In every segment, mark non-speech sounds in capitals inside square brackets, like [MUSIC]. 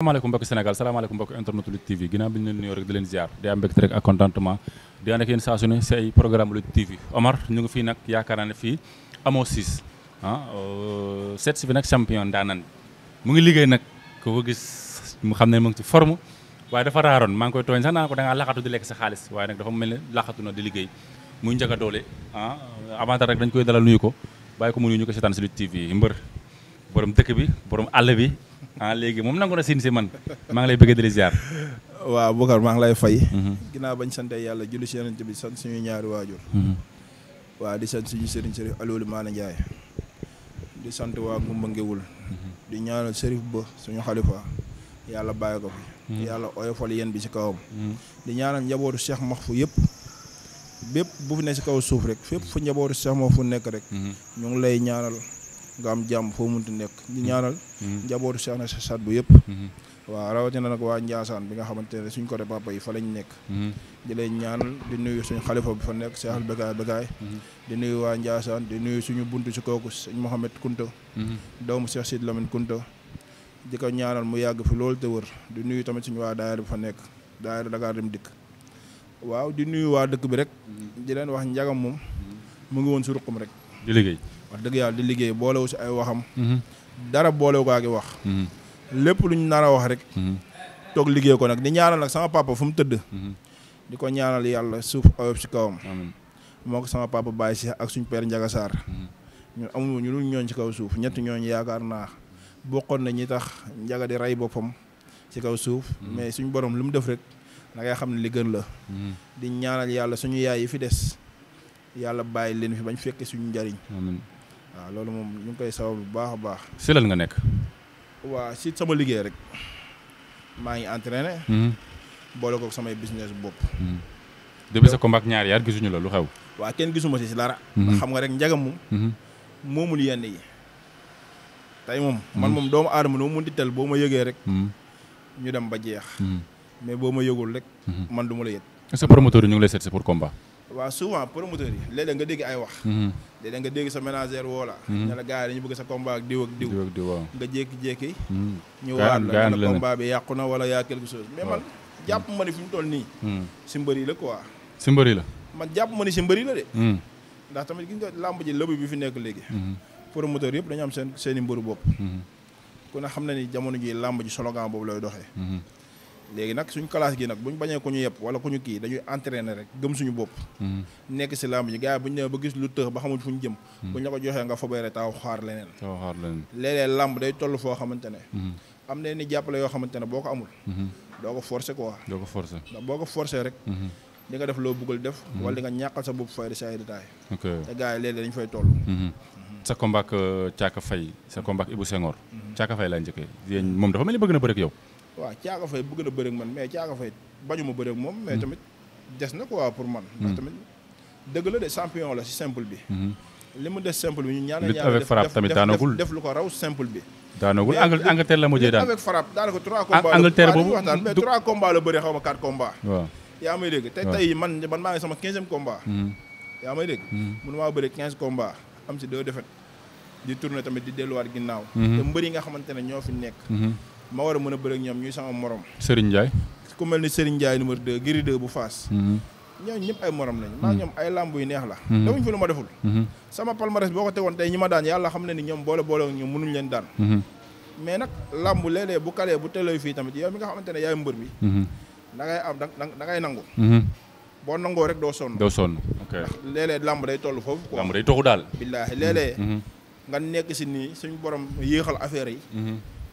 salaamaaleykum mbokki Sénégal salaamaaleykum mbokki internet Lutte TV ginnaaw bi ñu leen nuyoo rek di leen ziar di am mbégte rek ak contentement di ànd ak yéen saa ne si ay programme Lutte TV Omar ñu ngi fii nag yaakaar naa ne fii amoo siis ah euh, nag champion daanan mu ngi liggéey nag ku ko gis mu xam ne mu ngi ci forme waaye dafa raaroon maa ngi koy tooñ sax naa ko da ngaa laxatu di lekk sa xaalis waaye nag dafa mel ne laxatu na di liggéey mu njëkk doole ah avant dañ koy dalal nuyu ko bàyyi mu nuyu ñu ko bi borom àll bi ah léegi moom nangu na siin si man maa ngi lay bëgg di ziar. waaw Boucar maa ngi lay fay. Mhm. ginnaaw bañ sant yàlla julli si yonent bi sant suñu ñaari waajur. Mhm. waa di sant suñu sëriñ sëriñ Aliou Maana Ndiaye. di sant waa Ngumba Ngewul. Mhm. di ñaanal sërif ba suñu xalifa yàlla bàyyi ko fi. yàlla oyofal yéen bi si kawam. di ñaanal njabootu Cheikh Mahfou yëpp. bépp bu fi ne si kaw suuf rek fépp fu njabootu Cheikh fu nekk rek. ñu ngi lay ñaanal. nga am jàmm foo mun ti nekk ñu ñaanal mm-hmm. njabootu Cheikh na sa bu yëpp waaw rawatina nag waa Njaasaan bi nga xamante ne suñ côté papa yi fa lañ nekk mm-hmm. di leen ñaanal di nuyu suñu xalifa bu fa nekk seexal bekaay bekaay mm-hmm. di nuyu waa Njaasaan di nuyu suñu buntu si kooku sëñ Mohamed Kunta doomu Cheikh Sid Lamine Kunta di ñaanal mu yàgg fi loolu te wër di nuyu tamit suñu waa daayira bi fa nekk daayira Dakar dem dikk waaw di nuyu waa dëkk bi rek di leen wax njagam moom mu ngi woon si ruqam rek di liggéey wax dëgg yàlla di liggéey boolewu si ay waxam. Mhm. dara boolewu ko ak wax. Mhm. lépp lu ñu nar a wax rek. Mhm. toog liggéey ko nag di ñaanal nag sama papa fu mu tëdd. di ko ñaanal yàlla suuf oyof kawam. moo ko sama papa bàyyi si ak suñ père Ndiaga ñu amul ñu lu ñooñ kaw suuf ñetti ñooñ yaakaar naa bokkoon na ñi tax Ndiaga di boppam si kaw suuf. mais suñ borom lu mu def rek da ngay xam ne li gën la. di ñaanal yàlla suñu yaay yi fi des yàlla bàyyi leen fi bañ fekke suñu njariñ. waaw loolu moom ñu ngi koy sabab bu baax a baax. si lan nga nekk. waa si sama liggéey rek maa ngi entraîné. Hmm. boole ko samay business bopp. Hmm. depuis sa combat ak ñaar yaar gisuñu la lu xew. waa kenn gisuma si si dara. Hmm. xam nga rek njagam moom. moomul yenn yi. tey moom man moom doomu aadama noo mun di tel boo ma yëgee rek. ñu dem ba jeex. mais boo ma yëgul rek. man du ma la yëg. sa promoteur ñu ngi lay seet si pour komba waaw souvent promoteurs yi léeg-léeg nga dégg ay wax mhm. léeg-léeg nga dégg sa ménagère woo la mhm. ne la gars yi dañu bëgg sa combat ak diw ak diw nga jékki-jékki mhm. ñu waar la la combat bi yàqu na wala yaa quelque chose mais man jàpp ma ni fi mu toll nii si mbëri la quoi si mbëri la man jàpp ma ni si mbëri la de ndax tamit gis nga làmb ji lëbu bi fi nekk léegi promoteurs yëpp dañu am seen seen i mbëru bopp ku ne xam na ni jamono ji làmb ji slogan boobu lay doxee léegi nag suñ classe gi nag buñ bañee ku ñu yepp wala ku ñu kii dañuy entraîner rek gëm suñu bopp hmm. nekk si làmb ji gars yi buñ ne ba gis lu tëx ba xamuñ fu ñu jëm hmm. buñ la ko joxee nga fobeere taw xaar leneen léeg-léeg làmb day toll foo xamante ne hmm. am na ni jàppale yoo xamante ne boo ko amul doo ko forcer quoi doo ko forcer ndax boo ko forcer rek di nga def loo bëggul def wala di nga ñàkkal sa bopp fay di say détail te gars yi léeg-léeg dañ fay toll sa combat ak euh, Thiaka Faye sa combat ak Ibou Senghor Thiaka Faye laa njëkkee yéen moom dafa mel ni bëgg na bëre ak yow waaw Thiaka Faye bëgg na bëri ak man mais Thiaka Faye bañu ma bëri ak moom. mais mm-hmm. tamit des na quoi pour man. Mm-hmm. ndax tamit dëgg la de champion la si simple bi. Mm-hmm. li mu des simple bi ñu ñaan ñaan. lutte avec frappe tamit daanagul def lu ko raw simple bi. daanagul Angleterre la mujjee daan lutte avec frappe daanaka 3 ah, combats. Angleterre boobu waxtaan mais 3 combats la bëri xaw ma 4 combats. waaw yaa may dégg te tey man man maa ngi sama 15e combat. yaa may dégg. mun maa bëri 15 combats am si 2 défaites. di tourner tamit di delluwaat ginnaaw. te mbër yi nga xamante ne ñoo fi nekk. ma war a mën a bëre ak ñoom ñuy sama morom. Serigne Ndiaye. ku mel ni Serigne Ndiaye numéro 2 Gris 2 bu Fass. Mhm. ñooñu ñëpp ay morom lañu. maa mhm. ñoom ay lamb yu neex la. Mhm. defuñ fi lu ma deful. sama palmarès boo ko tegoon tey ñi ma daan yàlla xam ne ni ñoom boole boole ñoom mënuñ leen daan. mais nag lamb léeg-léeg bu kalee bu telee fii tamit yow mi nga xamante ne yaay mbër bi. da ngay am da ngay nangu. boo nangoo rek doo sonn. doo sonn ok làmb léeg day toll foofu. lamb day daal. billaahi léeg-léeg. nga nekk si nii suñu borom yéexal affaire yi.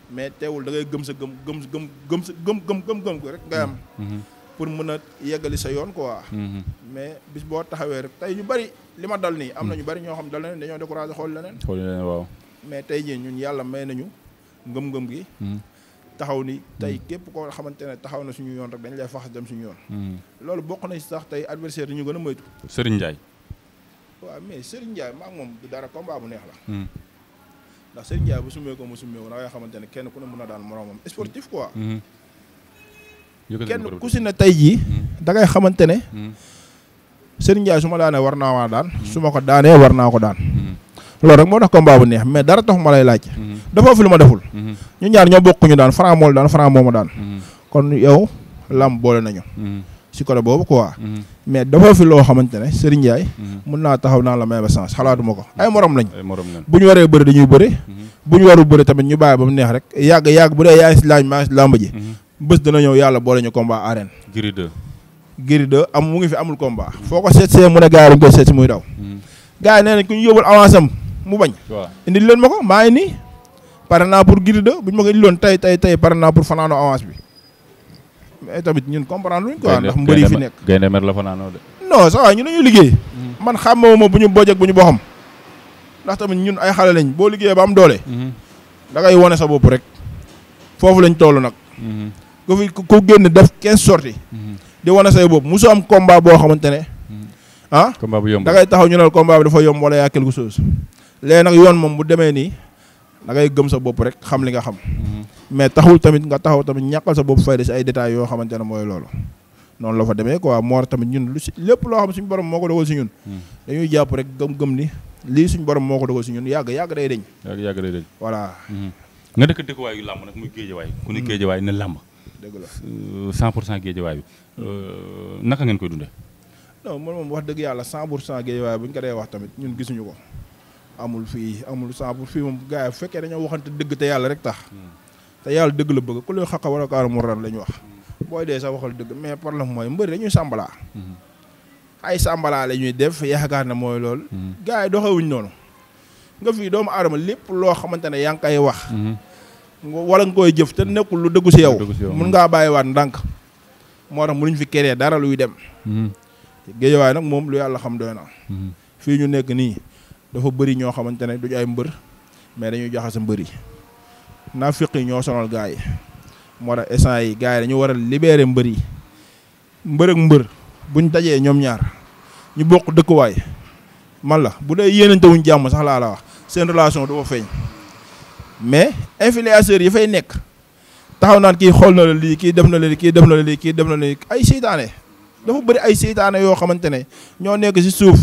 mais teewul da ngay gëm sa gëm gëm gëm gëm sa gëm gëm gëm gëm ko rek ngay am. Mm-hmm. pour mën a yeggali sa yoon quoi. Mm-hmm. mais bis boo taxawee rek tey ñu bari li ma dal nii. am na ñu mm-hmm. bari ñoo xam dal na dañoo découragé xool leneen. xool leneen waaw. mais tey jii ñun yàlla may nañu ngëm-ngëm gi. taxaw ni tey képp koo xamante ne taxaw na suñu yoon rek dañ lay faxas dem suñu yoon. loolu bokk na si sax tey adversaire yi ñu gën a moytu. Serigne Ndiaye. waaw mais Serigne Ndiaye maa moom dara combat bu neex la. ndax Serigne Ndiaye bu sumee ko mu sumee ko da ngay ne kenn ku ne mën a daan moromam sportif quoi. Mm-hmm. kenn ku si ne tey jii. Mm-hmm. da ngay xamante ne. Mm-hmm. Serigne su ma daanee war naa waa daan. su ma ko daanee war naa ko daan. loolu rek moo tax combat bu neex mais dara tax ma lay laaj. dafa fi lu ma deful. ñu ñaar ñoo bokkuñu daan Franc moo la daan Franc moo daan. kon yow lam boole nañu. ci côté boobu quoi. Mm-hmm. mais dafa fi loo xamante ne Serigne Ndiaye. Mm-hmm. mun naa taxaw naa la may ba sens xalaatuma ko ay morom lañ. ay morom lañ bu ñu waree bëri dañuy bëri. Mm-hmm. bu ñu waru bëri tamit ñu bàyyi ba mu neex rek yàgg yàgg bu dee yaa si laaj maa ngi si làmb ji. bés dana ñëw yàlla boole ñu combat arène. Gris am mu ngi fi amul combat. foo ko seet see mu ne gars yi dañu koy seet si muy daw. gars yi nee nañ ku ñu yóbbul avance am mu bañ. waaw indil leen ma ko maa ngi nii. pare naa pour Gris 2 bu ma ko tey tey tey pare naa pour fanaanoo avance bi mais tamit ñun comprendre luñ quoi ndax mbëri fi nekk gaynde mer la fa naanoo de non ñu liggéey mm-hmm. man xàmmewu ma bu ñu bojj ak bu ñu boxam ndax tamit ñun ay xale lañ boo liggéeyee ba am doole mm-hmm. da ngay wone sa bopp rek foofu lañ toll nag mm-hmm. ku fi ku def quinze sorties di wone say bopp musu am combat boo xamante ne ah combat bu yomb da ngay taxaw ñu ne combat dafa yomb wala yaa quelque chose léegi nag yoon moom mu demee nii da ngay gëm sa bopp rek xam li nga xam mais taxul tamit nga taxaw tamit ñàkkal sa bopp fayda si ay détails yoo xamante ne mooy loolu noonu la fa demee quoi moor tamit ñun lu si lépp loo xam suñu borom moo ko dogal si ñun hmm. dañuy jàpp rek gëm-gëm ni lii suñu borom moo ko dogal si ñun yàgg yàgg day deñ yàgg yàgg day deñ voilà hmm. nga dëkk dëkkuwaay yu làmb nag muy géejawaay ku ne hmm. géejawaay ne làmb dëgg la euh, cent pour cent géejawaay bi euh, naka ngeen koy dundee non man moom wax dëgg yàlla cent pour cent géejawaay bu ñu ko dee wax tamit ñun gisuñu ko amul fii amul cent pour fii moom bu fekkee dañoo waxante dëgg te yàlla rek tax te yàlla dëgg la bëgg ku lay xaqa wala kaaru mu ran la ñu wax booy dee sax waxal dëgg mais problème mooy mbëri dañuy sàmbalaa mm-hmm. ay sàmbalaa la ñuy def yaakaar na mooy lool mm-hmm. gars yi doxewuñ noonu nga fii doomu aadama lépp loo xamante ne yaa ngi koy wax mm-hmm. wala nga koy jëf te nekkul lu dëggu si yow mun ngaa bàyyiwaat ndànk moo tax mënuñ fi créer dara luy dem géejawaay nag moom lu yàlla xam doy na fii ñu nekk nii dafa bëri ñoo xamante ne duñu ay mbër mais dañuy jaxase mbër yi naafiq yi ñoo sonal gars yi moo tax yi gars yi dañu war a mbër yi mbër ak mbër buñ dajee ñoom ñaar ñu bokk dëkkuwaay man la bu dee yéenante wuñ jàmm sax laa seen relation du ko feeñ mais influenceurs yi fay nekk taxaw naan kii xool na la lii kii def na la lii kii def na la lii kii def na la lii ay seytaane dafa bëri ay seytaane yoo xamante ne ñoo nekk si suuf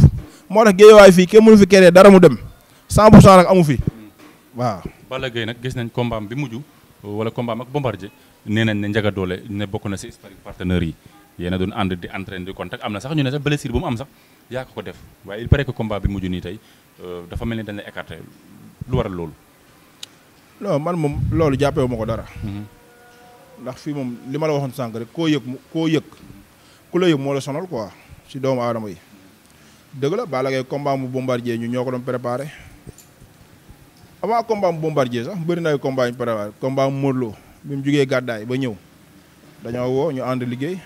moo tax géewaay fii kenn mënu fi keree dara mu dem 100 pour cent amu fi. waaw Balla Gaye nag gis nañ combat bi mujj wala combat ak Bombardier nee nañ ne Ndiaga doole ne bokk na si sparring partenaires yi yéena doon ànd di entraîne di contact am na sax ñu ne sax blessure bu mu am sax yaa ko ko def waaye il paraît que combat bi mujj nii tey euh, dafa mel ni dañ lay écarté lu waral loolu non man moom loolu jàppewu ma ko dara mhm. ndax fii moom li ma la waxoon sànq rek koo yëg koo yëg ku la yëg moo la sonal quoi si doomu aadama yi dëgg la Balla Gaye combat mu ñu ñoo ko doon préparé avant combat am bombardier sax bëri na ay combat yu préparé combat am bi mu jugee gàddaay ba ñëw dañoo woo ñu ànd liggéey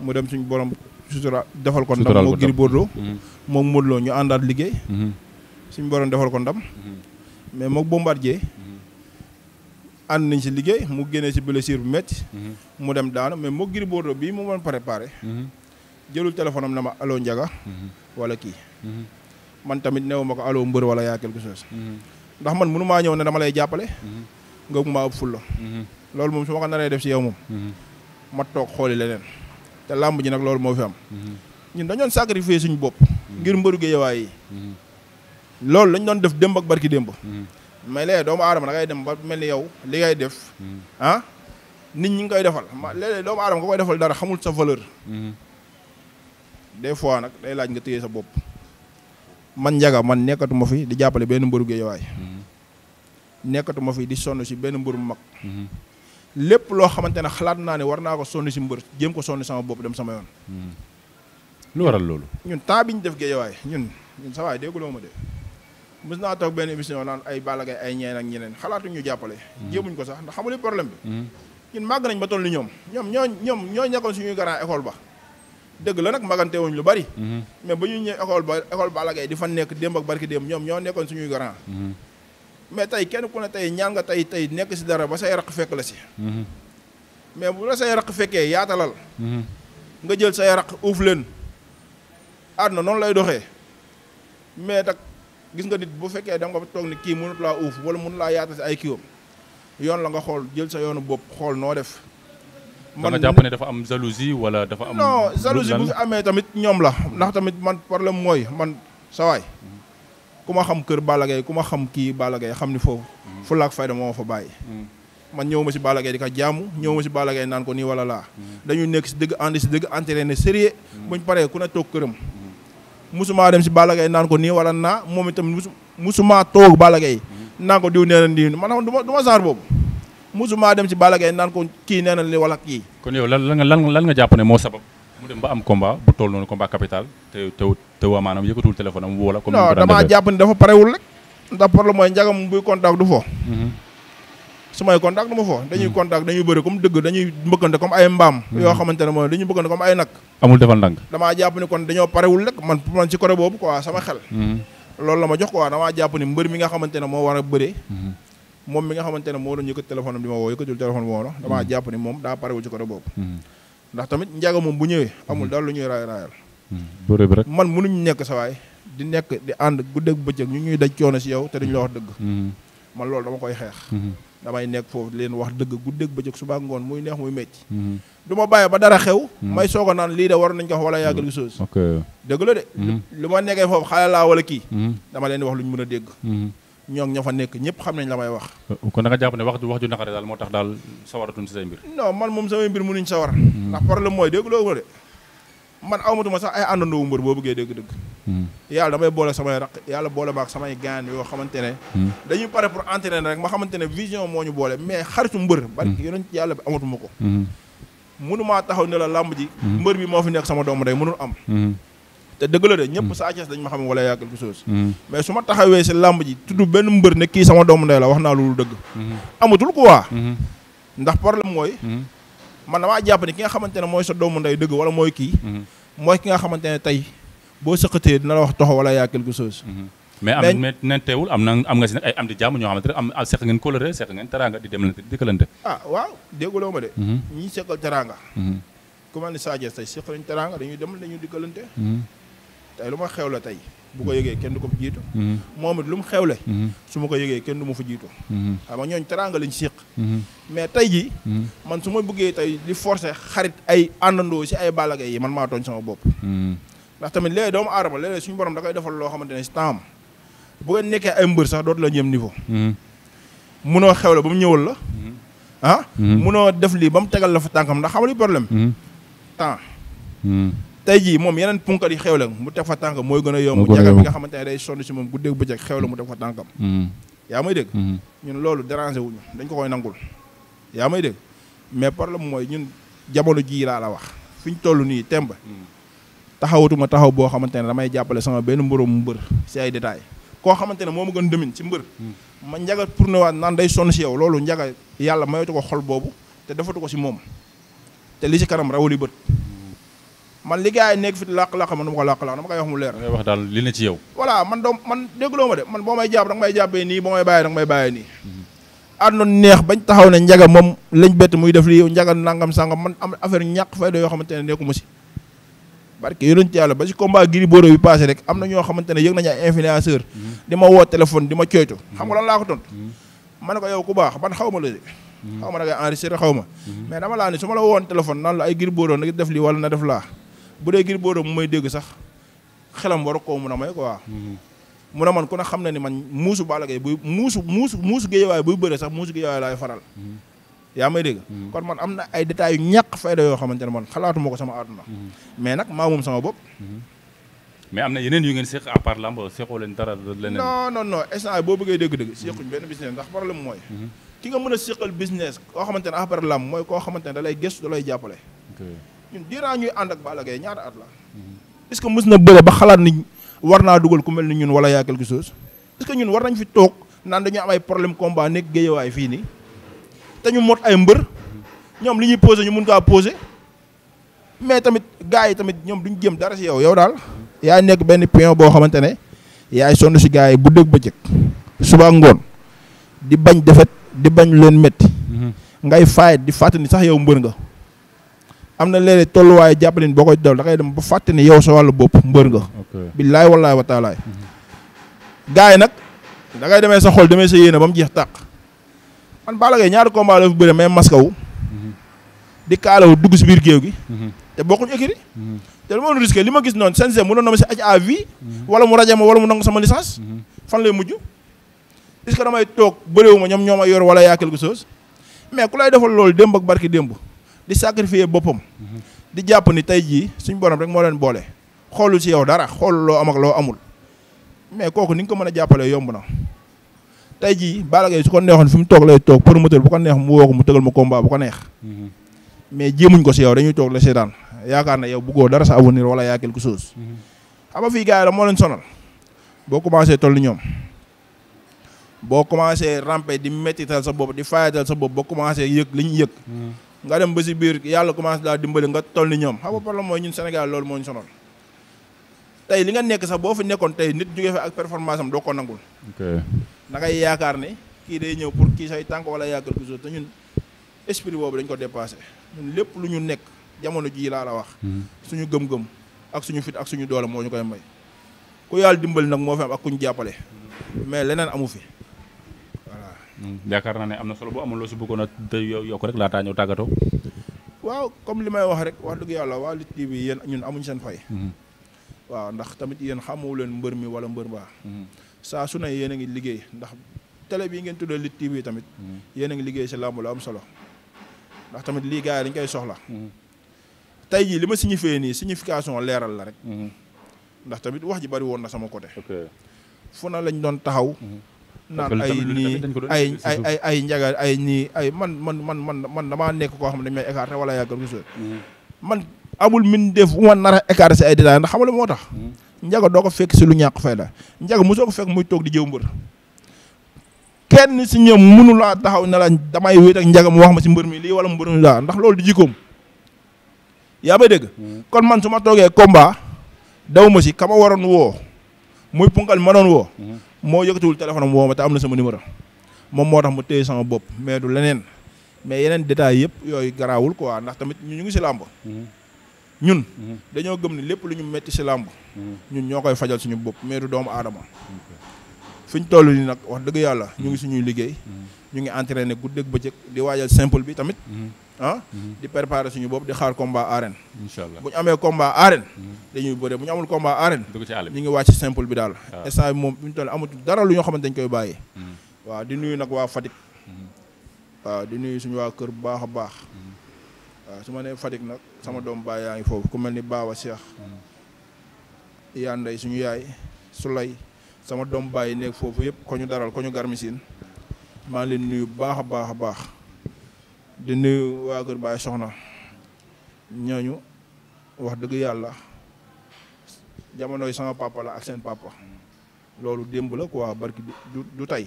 mu dem suñu borom sutura defal ko ndam moo Gris Bordeaux mhm. moom Modou Lo ñu àndaat liggéey mhm. suñu borom defal ko ndam mhm. mais moom bombardier ànd nañ si liggéey mu génnee si blessure bu metti mu dem daanu mais moo Gris bii mu mën préparé jëlul téléphone am na ma allo Ndiaga wala kii man tamit new ma ko aloo mbër wala yaa quelque chose. Mhm. ndax man mënu maa ñëw ne dama lay jàppale. Mhm. nga maa ëpp fulla mhm. loolu moom su ma ko naree def si yow moom. ma toog xooli leneen. te làmb ji nag loolu moo fi am. ñun dañoon sacrifier suñu bopp. ngir mbëru géejawaay yi. loolu lañ doon def démb ak barki démb. mais léegi doomu aadama da ngay dem ba mel ni yow li ngay def. ah nit ñi nga koy defal ma léeg-léeg doomu aadama nga koy defal dara xamul sa valeur. des fois nag day laaj nga téye sa bopp. man njaga man nekkatuma fi di jàppale benn mbëru géejawaay mhm. nekkatuma fi di sonn si benn mbëru mu mag mhm. lépp loo xamante ne xalaat naa ne war naa ko sonn si mbër jéem ko sonn sama bopp dem sama yoon mhm. lu waral loolu ñun temps bi ñu def géejawaay ñun ñun sa waay dégguloo ma de mës naa toog benn émission naan ay Balla ay ñeen ak ñeneen xalaatuñu jàppale jéemuñ ko sax ndax xamuli problème bi ñun màgg nañ ba toll ni ñoom ñoom ñoo ñoom ñoo nekkoon suñuy grand école ba dëgg la nag magante lu bari. Mhm. mais ba ñu ñëw école ba école Balla di fa nekk démb ak barki démb ñoom ñoo nekkoon suñuy grand. Mhm. mais tey kenn ku ne tey ñaan nga tey tey nekk si dara ba say raq fekk la si. Mhm. mais bu la say raq fekkee yaatalal. nga jël say raq uuf leen. na noonu lay doxee mais nag gis nga nit bu fekkee da nga ko toog ni kii mënut laa uuf wala mënulaa laa yaatal si ay kiiwam yoon la nga xool jël sa yoonu bopp xool noo def. man da nga ne dafa am jalousie wala dafa am. non jalousie bu fi amee tamit ñoom la ndax tamit man problème mooy man sa waay ma xam kër Balla Gaye ku ma xam kii Balla Gaye xam ni foofu. Mm. fulaak fayda moo ma fa bàyyi. Mm. man ñëw ma si Balla Gaye di ko ñëw ma si Balla Gaye naan nii wala laa. Mm. dañuy nekk si dëgg ànd si dëgg entraîné sérieux. buñ paree ku ne toog këram. musuma dem si Balla Gaye naan ko nii wala naa moom itam musuma toog Balla Gaye naan ko diw nee na nii man du ma du ma genre boobu. musuma dem ci Balla Gaye naan ko kii nee na li wala kii. kon yow lan lan lan nga jàpp ne moo sabab mu dem ba am combat bu toll noonu combat capital te te te waa maanaam yëkkatul téléphone am woo la. comme non damaa parewul rek. ndax problème mooy njagam buy contact du fo. Mm-hmm. su may contact du ma fo. dañuy mm-hmm. contact dañuy bëri comme dëgg dañuy mbëkkante comme ay mbaam. Mm-hmm. yoo xamante ne mooy dañuy mbëkkante comme ay nag. amul defal ndànk. damaa jàpp ne kon dañoo parewul rek man man ci côté boobu quoi sama xel. loolu la ma jox quoi waa jàpp ne mbër mi nga xamante ne moo war a bëree moom mi nga xamante ne moo la yëkkat téléphone am di ma woo yëkkatul téléphone woo na damaa mm-hmm. jàpp ni moom daa parewul ci côté boobu mm-hmm. ndax tamit njaago moom bu ñëwee mm-hmm. amul daal lu ñuy raay raayal bëre bi rek man mënuñu nekk sawaay di nekk di ànd guddeeg bëccëg ñu ñuy daj coono si yow te duñu la wax dëgg man loolu dama koy xeex damay nekk foofu leen wax dëgg guddeeg bëccëg suba ngoon muy neex muy metti du ma bàyyi ba dara xew may soog naan lii de war nañ ko wax wala yàggal chose dëgg la de lu ma nekkee foofu xale laa wala kii dama leen wax lu ñu mën a dégg ñoom ñoo fa nekk ñëpp xam nañ la may wax. Euh, kon da jàpp ne wax ju wax ju naqare daal moo tax daal sawaratuñ si say mbir. non man moom samay mbir mënuñ sawar. Hmm. ndax problème mooy dégg loo man awmatuma sax ay àndandoo mbër boo bëggee dégg-dégg. Hmm. yàlla damay boole samay raq yàlla boole maak samay gaan yoo xamante ne. Hmm. dañuy pare pour entraîner rek ma xamante ne vision moo ñu boole mais xaritu mbër. barki yonent yàlla bi amatuma ko. mënumaa taxaw ne la làmb ji. mbër bi moo fi nekk sama doomu day mënul am. te dëgg la de ñëpp mm. Sa Thiès dañ ma xam wala yaa quelque chose mm. mais su ma taxawee si làmb ji tudd benn mbër ne kii sama doomu ndey la wax naa loolu dëgg mm-hmm. amatul waa mm-hmm. ndax problème mooy mm-hmm. man damaa jàpp ne ki nga xamante ne mooy sa doomu nday dëgg wala mooy kii mooy ki nga xamante ne tey boo sëqatee dina la wax toxo wala yaa quelque chose mais am mais nen teewul am na am nga si nag ay am di jàmm ñoo xamante ne am seq ngeen coloré seq ngeen teraanga di demlante di dëkkalante ah waaw dégguloo ma de ñi seqal teraanga ku mel Sa Thiès tey seq nañ teraanga dañuy dem dañuy dikkalante tey lu ma xewle tey bu ko hmm. yëgee kenn du ko jiitu hmm. moom it lu mu xewle hmm. su ma ko yëgee kenn du ma fa jiitu xam nga ñooñ teraanga lañ séq mais tey ji man su ma bëggee tey di forcer xarit ay àndandoo si ay balaga yi man maa tooñ sama bopp ndax tamit léegi doomu aadama léeg-léeg suñu borom da defal loo xamante ne si temps bu ngeen nekkee ay mbër sax dootu la ñëm niveau munoo xewle ba mu ñëwal la ah munoo def lii ba mu tegal la fa tànkam ndax xamali problème temps tey jii moom yeneen punkal yi xew la mu teg fa tànk mooy gën a yomb jagal bi nga xamante ne day sonn si moom guddeeg bëccëg xew la mu teg fa tànkam mm-hmm. yaa may dégg mm-hmm. ñun loolu dérangé wuñu dañ ko koy nangul yaa may dégg mais problème mooy ñun jamono jii laa la wax fi ñu toll nii temb mm-hmm. taxawatuma taxaw boo xamante ne damay jàppale sama benn mboroom mbër si ay détails koo xamante ne moo ma gën demin si mbër ma njaga pour ne waat naan day sonn si yow loolu njaga yàlla mayatu ko xol boobu te defatu ko si moom te li si kanam rawali bët man li gars yi nekk fi làq-làq man dama ko làq-làq dama koy wax mu leer ngay wax daal li ne ci yow voilà man doom man déggloo ma de man boo may jàpp da may jàppee nii boo may bàyyi da nga may bàyyi nii àndoon neex bañ taxaw ne njaga moom lañ bett muy def lii njaga nangam sangam man am affaire ñàkk yoo xamante ne nekku ma si parce que yonent yàlla ba si combat giri bóoró bi passé rek am na ñoo xamante ne yëg nañu ay influenceur mm-hmm. di ma woo téléphone di ma cooytu mm-hmm. xam nga lan laa ko tont mm-hmm. ma ne ko yow ku baax man xaw ma la xaw ma da ngay enregistré xaw ma mais dama laa ni su ma la woon téléphone naan la ay giri na def lii wala na def laa bu dee Gris Bordeaux mu may dégg sax xelam war koo mun a may quoi. Mhm. mun a man ku ne xam na ni man muusu Balla Gaye buy muusu muusu muusu Géejawaay buy bëre sax muusu Géejawaay laay faral. Mhm. yaa may dégg. Mhm. kon man am na ay détails yu ñàkk fayda yoo xamante ne man xalaatuma ko sama àdduna. mais nag maa moom sama bopp. mais am na yeneen yu ngeen seq à part lamb seqoo leen dara leneen. non non non instant boo bëggee dégg-dégg. sequñ benn business ndax problème mooy. ki nga mën a seqal business koo xamante ne à part mooy koo xamante ne da lay gëstu jàppale. ñun diiraa ñuy ànd ak Balla Gaye ñaata at la. est-ce que mës na bëre ba xalaat ni war naa dugal ku mel ni ñun wala yaa quelque chose est que ñun war nañ fi toog naan dañu am ay problème combat nekk géejewaay fii nii te ñu mot ay mbër ñoom li ñuy posé ñu mun kaa posé mais tamit gars yi tamit ñoom duñ jëm dara si yow yow daal. yaay nekk benn pion boo xamante ne yaay sonn si gars yi bu dégg bëccëg suba ngoon di bañ defet di bañ leen métti. Mhm. ngay faay di fàttali sax yow mbër nga. am na léeg-léeg tolluwaayu jàppalin boo koy dal da ngay dem ba fàtte ni yow sa wàllu bopp mbër nga. billaay wallaay wa taalaay. gars yi nag da ngay demee sa xol demee sa yéene ba mu jeex tàq. man Balla Gaye ñaari combat la fi bëre mais maskawu. di kaalawu dugg si biir géew gi. te bokkuñu écrit. te lu ma risqué li ma gis noonu CNG mu doon na ma si aj à vie. wala mu rajo ma wala mu nangu sama licence. fan lay mujj. est-ce que damay toog bëreewu ma ñoom ñoo ma yor wala yaa quelque mais ku lay defal loolu démb ak barki démb. di sacrifier boppam. di jàpp ni tey jii suñ borom rek moo leen boole xoolu si yow dara xoolul loo am ak loo amul mais kooku ni nga ko mën a jàppalee yomb na. tey jii Balla Gaye su ko neexoon fi mu toog lay toog promoteur bu ko neex mu woo ko mu tëgal ma combat bu ko neex. mais jéemuñ ko si yow dañuy toog la seetaan yaakaar na yow bëggoo dara sa avenir wala yaa quelque ko xam ama fii gaa yi la moo leen sonal boo commencé toll ñoom boo commencé ramper di mettital sa bopp di fayatal sa bopp boo commencé yëg li ñu yëg. nga dem ba si biir yàlla commencé daal dimbali nga toll ni ñoom xam nga problème ñun Sénégal loolu moo ñu sonal tey li nga nekk sax boo fi nekkoon tey nit jógee fa ak performance am doo ko nangul. ok da ngay yaakaar ne kii day ñëw pour kii say tànk wala yàggal ko te ñun esprit boobu dañ ko dépassé ñun lépp lu ñu nekk jamono jii laa la wax. Hmm. suñu gëm-gëm ak suñu fit ak suñu doole moo ñu koy may ku yàlla dimbali nag moo fee am ak ku ñu jàppale hmm. mais leneen amu fi. Mm, yaakaar naa ne am na solo bu amuloo si bëggoon a yokk rek laataa ñëw tàggatoo. waaw comme li may wax rek wax dëgg yàlla waa Lutte yéen ñun amuñ seen fay. Mm-hmm. waaw ndax tamit yéen xamu leen mbër mi wala mbër baa mm-hmm. saa su ne yéen a ngi liggéey ndax télé bii ngeen tuddee Lutte TV tamit. Mm-hmm. yéen a ngi liggéey si làmb am solo. ndax tamit lii dañ koy soxla. jii li ma signifié nii signification leeral la rek. ndax tamit wax ji bari woon na sama côté. fu na lañ doon taxaw. naan ay nii ay ay ay ay ay nii ay man man man man man damaa nekk koo xam ne dañ may écarté wala yàggal ko mm. man amul min def uma nar a écarté si ay détails ndax xamala moo tax mm. njaga doo ko fekk si lu ñàkk fay la njaga soo ko fekk muy toog di jëw mbër kenn si ñoom mënu laa taxaw ne la damay wéet ak njaga mu wax ma si mbër mi lii wala mbër mi laa ndax loolu di jikkoom yaa may dégg mm. kon man su ma toogee komba daw si kama waroon woo muy punkal ma doon woo moo yëkkatiwul téléphone am woo ma te am na sama numéro moom moo tax mu téye sama bopp mais du leneen mais yeneen détails yëpp yooyu garaawul quoi ndax tamit ñu ñu ngi si làmb mm-hmm. ñun mm-hmm. dañoo gëm ni lépp lu ñu metti si làmb mm-hmm. ñun ñoo koy fajal suñu bopp mais du doomu aadama fi ñu toll nii nag wax dëgg yàlla ñu ngi suñuy liggéey ñu ngi entraîné guddeeg bëccëg di waajal simple bi tamit ah mhm. di préparer suñu boobu di xaar combat arène inshallah bu ñu amee combat arène mhm. dañuy bëre bu ñu amul combat arène ñu ngi wàcc simple bi daal ah. instant moom bu ñu toll amul dara lu ñoo xamante dañ koy bàyyi mhm. waaw di nuyu nag waa Fatick waaw di nuyu suñu waa kër bu baax a baax su ma nee Fatick nag sama doom baay yaa ngi foofu ku mel ni Baba Cheikh Yanday suñu yaay Soulay sama doom baay nekk foofu yëpp ko ñu daral ko ñu garmisin maa leen nuyu baax a baax a baax di nuyu waa kër Baye Soxna ñooñu wax dëgg yàlla jamono yi sama papa ak seen papa loolu démb la waa barki du du tey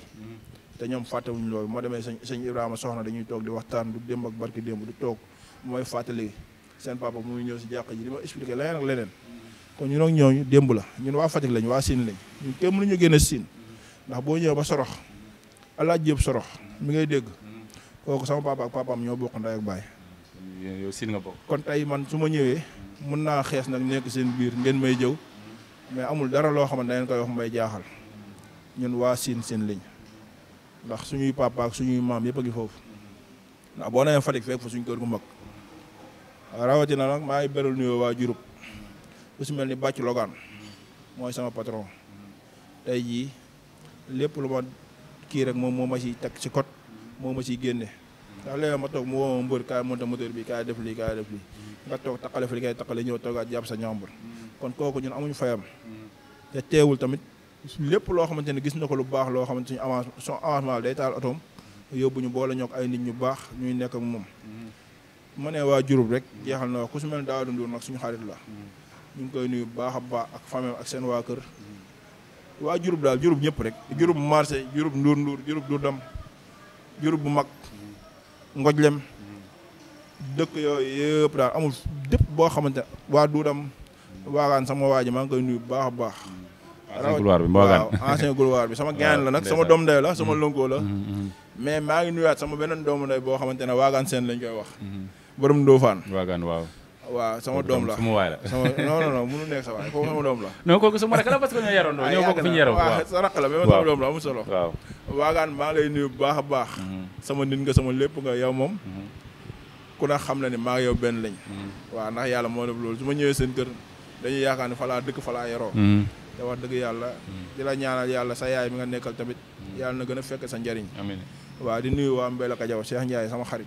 te ñoom fàttewuñ loolu moo demee sëñ sëñ Ibrahima Soxna dañuy toog di waxtaan du démb ak barki démb du toog mooy fàttali seen papa mu ñëw si jàkka ji di ma expliqué leneen ak leneen kon ñun ak ñooñu démb la ñu ñun waa Fatick lañ waa Sine lañ ñun kenn mënuñu génne Sine ndax boo ñëwee ba Sorox El Hadj Diop Sorox mi ngay dégg. kooku sama papa ak papaam ñoo bokk ndey ak baay. yow siin nga kon tey man su ma ñëwee mun naa xees nag nekk seen biir ngeen may jëw mais amul dara loo xam ne dangeen koy wax may jaaxal ñun waa siin seen liñ ndax suñuy papa ak suñuy maam yëpp a ngi foofu ndax boo nee Fatick fekk suñ kër gu mag rawatina nag maa ngi beral nuyoo waa Diouroup si mel ni bàcc logaan mooy sama patron tey jii lépp lu ma kii rek moom moo ma si teg si kot moo ma ciy génne ndax léegi ma toog mu woo ma mbër kaay monta moteur bi kaay def lii kaay def lii nga toog taqale fi li ngay taqale ñëw toogaat jàpp sa ñombur kon kooku ñun amuñu fayam te teewul tamit lépp loo xamante ne gis na ko lu baax loo xamante suñu avance son avancement day taal otoom yóbbu ñu boole ñoo ay nit ñu baax ñuy nekk moom mën ne waa jurub rek jeexal na wax ku su mel Daouda Ndour nag suñu xarit la ñu ngi koy nuyu baax a baax ak famille ak seen waa kër waa Diouroup daal Diouroup ñëpp rek Diouroup marché Diouroup Ndour Ndour Diouroup du dam Diouroup bu mag Ngojlem dëkk yooyu yëpp daal amul dépp boo xamante ne waa Duudam waagaan sama waa ji maa ngi koy nuyu bu baax baax. ancien gloire bi waaw ancien gloire bi sama [LAUGHS] gaan la nag sama doom ndey la sama mm-hmm. lonko la. Mm-hmm, mm-hmm. mais maa ngi nuyuwaat sama beneen doomu ndey boo xamante ne waagaan seen lañ koy wax. borom Ndofane waagaan waaw. waaw sama doom la sama waay la sama non non non nekk sa waay kooku sama doom la [LAUGHS] non kooku sama rakk la ah, sama doom la amul solo waa waagaan maa lay nuyu bu baax a baax mhm. sama nit nga sama lépp nga yow moom mhm. ku xam na ne maa yow benn lañ mhm. waa ndax yàlla moo def loolu su ma ñëwee seen kër dañuy yaakaar ni falaa dëkk falaa yaroo te wax dëgg yàlla di la ñaanal yàlla sa yaay mi nga nekkal tamit yàlla na gën a fekk sa njariñ amiin waaw di nuyu waa Mbéla Kajaw Cheikh Ndiaye sama xarit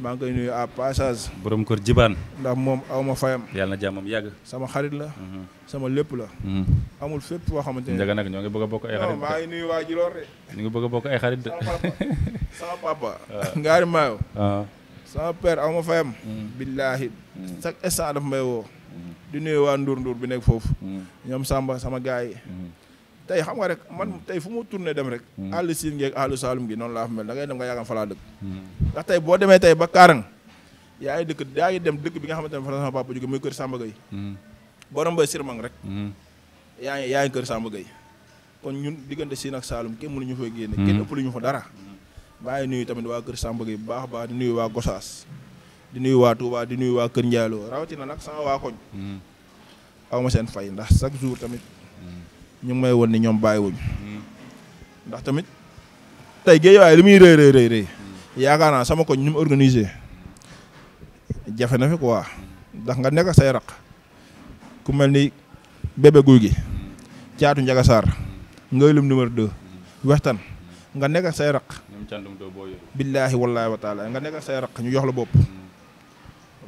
maa ngi koy nuyu à passage. boroom kër jibaan ndax moom aw ma fayam. yàlla na jàmmam yàgg. sama xarit la. Mhm. sama lépp la. Mhm. amul fépp boo xamante ne. njaga nag ñoo ngi bëgg a bokk maa ngi nuyu waa Djilor de. ñu ngi bëgg a bokk ay xarit de. sama papa. [LAUGHS] Ah. ngaari ah. sama père aw ma fayam. Mhm. billaahi chaque instant daf may woo. di nuyu waa Ndour Ndour bi nekk foofu. ñoom Samba sama gars tey xam nga rek man tey fu mu tourné dem rek hmm. àll siin ngeeg àll saalum gi noonu laa fa mel da ngay dem nga yaakaar fa laa dëkk hmm. ndax tey boo demee tey ba Kaarang yaa ngi dëkk yaa ngi dem dëkk bi nga xamante ne fa la sama papa jóge muy kër Samba hmm. boo rombee Sirmang rek ngi yaa kër Samba kon ñun diggante siin ak saalum kenn mënuñu fa génne kenn ëpp lu ñu fa dara maa ngi nuyu tamit waa kër Samba Gueye bu baax baax di nuyu waa Gosaas di nuyu waa Touba di nuyu waa Kër Ndiallo rawatina nag sama waa koñ aw seen fay ndax chaque jour tamit ñu ngi may woon ni ñoom bàyyiwuñ ndax tamit tey Guédiawaye li muy rëy rëy rëy yaakaar naa sama ko ñu mu organisé jafe na fi quoi ndax nga nekk say raq ku mel ni bébé guy gi caatu njaga saar nga lum numéro 2 wextan nga nekk say raq billaahi wallaahi wa taala nga nekk say raq ñu jox la bopp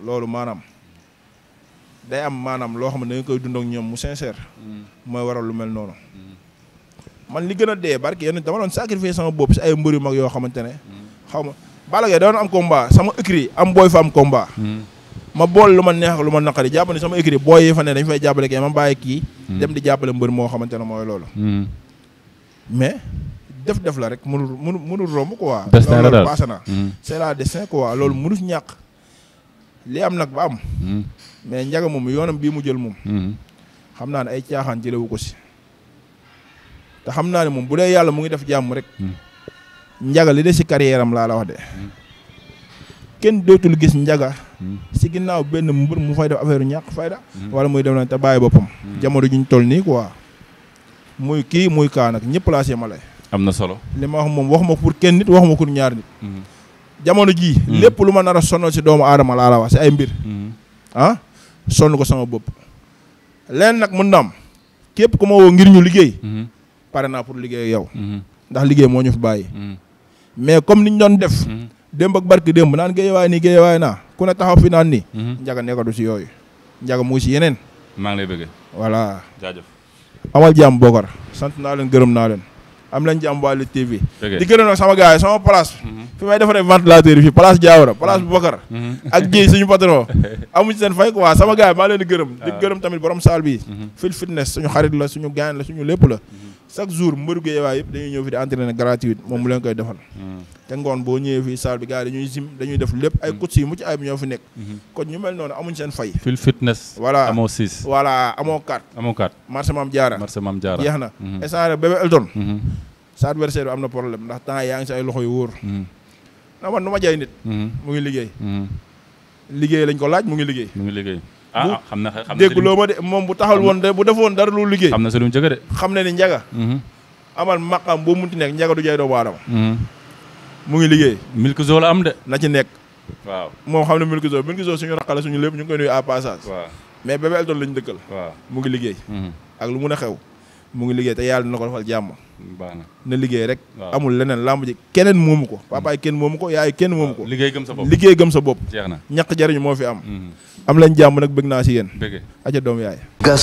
loolu maanaam day am maanaam loo xam ne da koy dund ak ñoom mu sincère. Mm. mooy waral lu mel noonu. Mm. man li gën a dee barke yéen dama doon sacrifier sama bopp si ay mbër yu mag yoo xamante ne. Mm. xaw ma Balla Gaye doon am combat sama écrit am booy fa am combat. ma bool lu neex lu ma naqari jàpp ne sama écrit booy yi fa ne dañu fay jàppale kii dem di jàppale mbër moo xamante ne mooy loolu. mais def def la rek mënul mënul mënul romb quoi. des na la loolu paase na. c'est la destin quoi loolu mënul ñàkk. li am nag ba am. Hmm. mais njaga moom yoonam bii mu jël moom. Hmm. xam naa ne ay caaxaan jëlewu ko si. te xam naa ne moom bu dee yàlla mu ngi def jàmm rek. Hmm. njaga li de si carrière laa la wax de. kenn dootul gis njaga. si ginnaaw benn mbër mu fay def affaire ñàkk fayda. wala muy dem na te bàyyi boppam. jamono juñ toll nii quoi. muy kii muy kaa nag ñëpp laa see ma lay. am na solo li ma wax moom waxuma pour kenn nit waxuma pour ñaar nit. jamono jii. Mm. lépp lu ma nar a sonal si doomu aadama laala la wax si ay mbir. Mm. ah ko sama bopp. leen nag mun na képp ku ma woo ngir ñu liggéey. Mm -hmm. pare naa pour liggéey yow. -hmm. ndax liggéey moo ñu fi bàyyi. -hmm. mais comme niñ doon def. démb ak barki démb naan géejewaay nii géejewaay naa ku ne taxaw fi naan nii. njaga nekkatu si yooyu. njaga mu si yeneen. maa ngi lay bëgg. voilà jaajëf. amal jàmm bookar sant naa leen gërëm naa leen. am lañ ci am waa Lutte TV. di gërëm nag sama gars yi sama place. Mhm. fi may defaree ventilateur yi fii place Diawara place mhm. Boubacar. Mhm. ak Guèye suñu patron. [LAUGHS] amuñ seen fay quoi sama gars yi maa leen di gërëm. di ah. gërëm tamit borom salle bi. Fil fitness suñu xarit la suñu gaañ la suñu lépp la. chaque jour mbëru Guédiawaye yëpp dañuy ñëw fi di entraîner gratuite moom mu leen koy defal hmm. te ngoon boo ñëwee fii salle bi gars yi dañuy sim dañuy def lépp ay hmm. coach yi mucc ayib ñoo fi nekk hmm. kon ñu mel noonu amuñ seen fay fil fitness voilà amoo six voilà amoo quatre amoo quatre marché maam jaara marché maam jaara jeex na esare bébé Elton sa adversaire bi am na problème ndax temps yaa ngi si ay loxo yu wóor na man nu ma jaay nit mu ngi liggéey liggéey lañ ko laaj mu ngi liggéey mu ngi liggéey Ah, ah xam na xam na dégguloo de moom bu taxal woon de bu defoon dara lu liggéey. xam na sëriñ Njaga de. xam na ni Njaga. Mhm. amal maqam boo munti nekk Njaga du jaay doomu aadama. Mhm. mu ngi liggéey. milki zoo am de. na ci nekk. waaw moom xam ne milki zoo milki zoo suñu raqale suñu lépp ñu ngi koy nuyu à passage. waaw mais Bébé Elton lañu dëkkal. waaw mu ngi liggéey. Mhm. ak lu mun a xew mu ngi liggéey te yàlla dina ko defal jàmm baax na na liggéey rek. amul leneen làmb ji keneen moomu ko. Mm-hmm. papaay kenn moomu ko yaay kenn moomu liggéey gëm sa bopp liggéey gëm sa bopp. jeex na ñàkk jariñu moo fi am. Mm-hmm. am lañ jàmm nag bëgg naa si yéen. bëgg aja doom yaay.